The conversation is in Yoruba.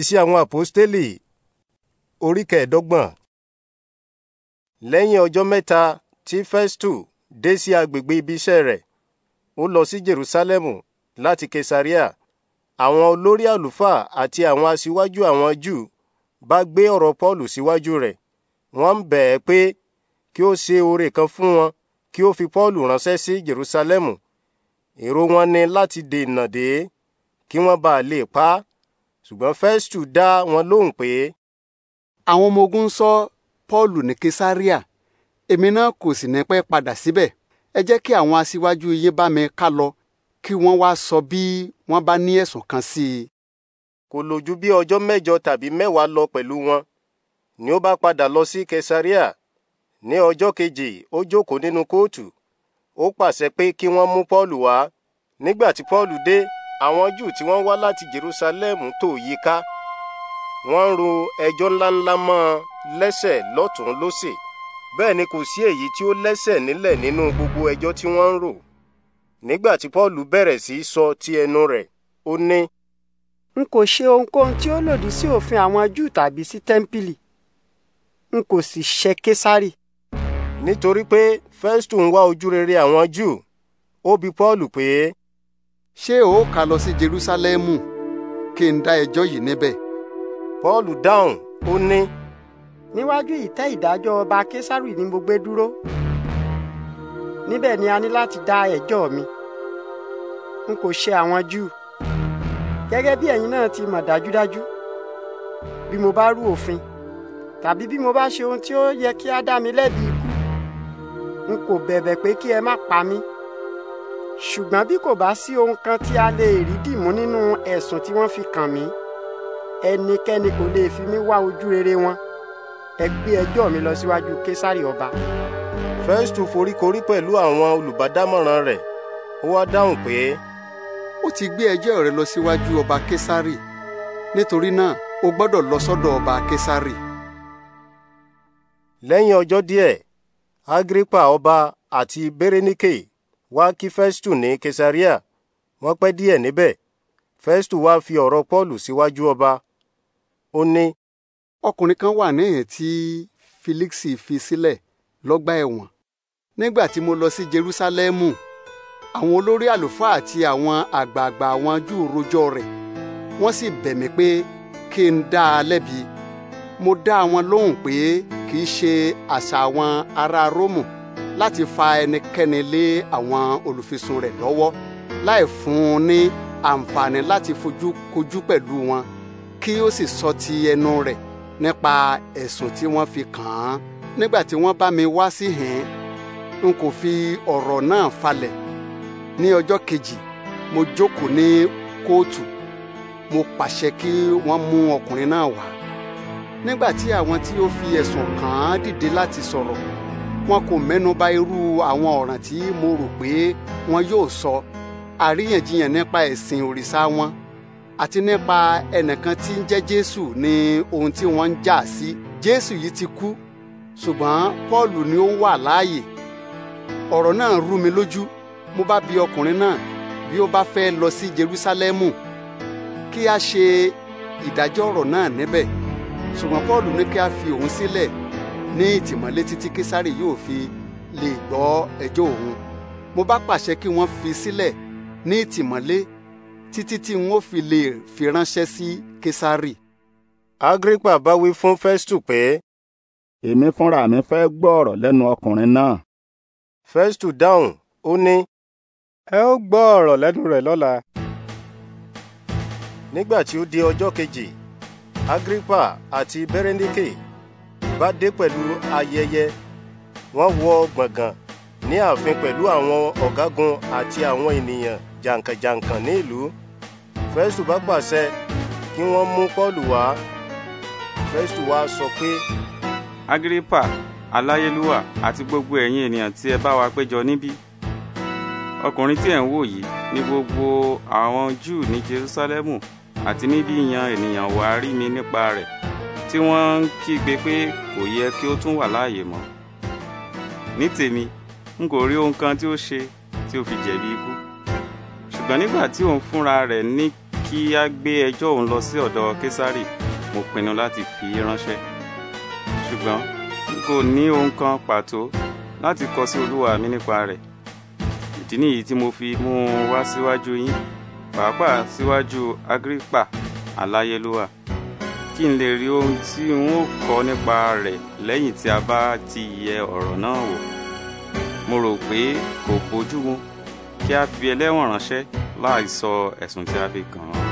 Iṣẹ́ àwọn àpọ́stélì orí kẹẹ̀dọ́gbọ̀n. Lẹ́yìn ọjọ́ mẹ́ta tí Fẹ́stù dé sí agbègbè ibi iṣẹ́ rẹ̀, ó lọ sí Jerúsálẹ́mù láti Kesaria. Àwọn olórí àlùfáà àti àwọn aṣíwájú àwọn Júù bá gbé ọ̀rọ̀ Pọ́ọ̀lù síwájú rẹ̀. Wọ́n ń bẹ̀ ẹ́ pé kí ó ṣe oore kan fún wọn kí ó fi Pọ́ọ̀lù ránṣẹ́ sí Jerúsálẹ́mù. Èrò wọn ni láti dènà dè kí wọ́n bá lè pa á ṣùgbọ́n Festu dá wọn lóhùn pé. àwọn ọmọ ogun sọ Paulu ní Kesaria èmi náà kò sì ní pẹ́ padà síbẹ̀ ẹ jẹ́ kí àwọn aṣíwájú yín bá mi ká lọ kí wọ́n wá sọ bí wọ́n bá ní ẹ̀sùn kan sí i. kò lò ju bí ọjọ́ mẹ́jọ tàbí mẹ́wàá lọ pẹ̀lú wọn ni ó bá padà lọ sí Kesaria ní ọjọ́ kejì ó jókòó nínú kóòtù ó pàṣẹ pé kí wọ́n mú Paulu wá nígbà tí Paulu dé àwọn júù tí wọ́n wá láti jerusalem tó yíká wọ́n ń ro ẹjọ́ ńláńlá mọ́ ọ lẹ́sẹ̀ lọ́tún lọ́sì bẹ́ẹ̀ ni kò sí èyí tí ó lẹ́sẹ̀ nílẹ̀ nínú gbogbo ẹjọ́ tí wọ́n ń rò nígbà tí paul bẹ̀rẹ̀ sí sọ ti ẹnu rẹ̀ ó ní. n kò ṣe ohunkóhun tí ó lòdì sí òfin àwọn júù tàbí sí tẹ́ḿpìlì n kò sì ṣe késárì. nítorí pé festus ń wá ojúrere àwọn júù ó bi paul pé ṣé o kà lọ sí Jerúsálẹ́mù kí n dá ẹjọ́ yìí níbẹ̀. Paul dáhùn ó ní. níwájú ìtẹ́ ìdájọ́ ọba Késárì ni mo gbé dúró níbẹ̀ ni a ní láti dá ẹjọ́ mi n kò ṣe àwọn Júù gẹ́gẹ́ bí ẹ̀yin náà ti mọ̀ dájúdájú bí mo bá rú òfin tàbí bí mo bá ṣe ohun tí ó yẹ kí á dá mi lẹ́bi ikú n kò bẹ̀bẹ̀ pé kí ẹ má pa mí ṣùgbọ́n bí kò bá sí ohun kan tí a lè rí dìmú nínú ẹ̀sùn tí wọ́n fi kàn mí ẹnikẹ́ni kò lè fi mí wá ojú rere wọn ẹ gbé ẹjọ́ mi lọ síwájú késàrì ọba. Fẹ́stù foríkorí pẹ̀lú àwọn olùbádámọ̀ràn rẹ̀ ó wá dáhùn pé. ó ti gbé ẹjọ́ rẹ lọ síwájú ọba késàrì nítorí náà o gbọ́dọ̀ lọ sọ́dọ̀ ọba késàrì. lẹ́yìn ọjọ́ díẹ̀ agripa ọba àti berenike wá kí festu ní kesaria wọ́n pẹ́ díẹ̀ níbẹ̀ festu wá fi ọ̀rọ̀ paulu síwájú ọba ó ní. ọkùnrin kan wà níhìn tí felixi fi sílẹ̀ lọ́gbà ẹ̀wọ̀n nígbà tí mo lọ sí jerúsálẹ́mù àwọn olórí àlùfáà àti àwọn àgbààgbà àwọn júù rojọ́ rẹ̀ wọ́n sì bẹ̀ mí pé kí n dá a lẹ́bi mo dá wọn lóhùn pé kì í ṣe àṣà àwọn ará róòmù láti fa ẹnikẹ́ni lé àwọn olùfisùn rẹ̀ lọ́wọ́ láì fún un ní àǹfààní láti fojú kojú pẹ̀lú wọn kí ó sì sọ ti ẹnu rẹ̀ nípa ẹ̀sùn tí wọ́n fi kàn án nígbà tí wọ́n bá mi wá síhìn n kò fi ọ̀rọ̀ náà falẹ̀ ní ọjọ́ kejì mo jókòó ní kóòtù mo pàṣẹ kí wọ́n mú ọkùnrin náà wá nígbà tí àwọn tí ó fi ẹ̀sùn kàn án dìde láti sọ̀rọ̀ wọn kò mẹ́nuba irú àwọn ọ̀ràn tí mo rò pé wọn yóò sọ àríyànjiyàn nípa ẹ̀sìn òrìṣà wọn àti nípa ẹnìkan tí ń jẹ́ Jésù ní ohun tí wọ́n ń jà sí Jésù yìí ti kú ṣùgbọ́n Paul ni ó wà láàyè ọ̀rọ̀ náà rú mi lójú mo bá bi ọkùnrin náà bí ó bá fẹ́ lọ sí Jerúsálẹ́mù kí a ṣe ìdájọ́ ọ̀rọ̀ náà níbẹ̀ ṣùgbọ́n Paul ní kí a fi òun sílẹ̀ ní ìtìmọ́lé títí késárì yóò fi lè gbọ́ ẹjọ́ òun mo bá pàṣẹ kí wọ́n fi sílẹ̀ ní ìtìmọ́lé títí tí n fi lè fi ránṣẹ́ sí késárì. agrippa bá wí fún festu pé èmi fúnra mi fẹ́ gbọ́ ọ̀rọ̀ lẹ́nu ọkùnrin náà. festu dáhùn ó ní ẹ ó gbọ́ ọ̀rọ̀ lẹ́nu rẹ̀ lọ́la. nígbà tí ó di ọjọ́ kejì agrippa àti berenike bá dé pẹ̀lú ayẹyẹ wọ́n wọ gbọ̀ngàn ní ààfin pẹ̀lú àwọn ọ̀gágun àti àwọn ènìyàn jàǹkànjàǹkàn ní ìlú fẹ́sù bá pàṣẹ kí wọ́n mú pọ́ọ̀lù wá fẹ́sù wá sọ pé. agripa aláyélúwà àti gbogbo ẹ̀yin ènìyàn tí ẹ bá wa péjọ níbí ọkùnrin tí ẹ̀ ń wò yìí ni gbogbo àwọn júù ní jerúsálẹ́mù àti níbí yan ènìyàn wàá rí mi nípa rẹ̀ tí wọ́n ń kígbe pé kò yẹ kí ó tún wà láàyè mọ́ ní tèmi n kò rí ohun kan tí ó ṣe tí ó fi jẹ̀bi ikú ṣùgbọ́n nígbà tí òun fúnra rẹ̀ ní kí á gbé ẹjọ́ òun lọ sí ọ̀dọ̀ késárì mo pinnu láti fi ránṣẹ́ ṣùgbọ́n n kò ní ohun kan pàtó láti kọ sí olúwa mi nípa rẹ̀ ìdí nìyí tí mo fi mú un wá síwájú yín pàápàá síwájú agripa aláyélúwà kí n lè rí ohun tí n ó kọ́ nípa rẹ̀ lẹ́yìn tí a bá ti yẹ ọ̀rọ̀ náà wò mo rò pé kò bójú mu kí a fi ẹlẹ́wọ̀n ránṣẹ́ láì sọ ẹ̀sùn tí a fi kàn án.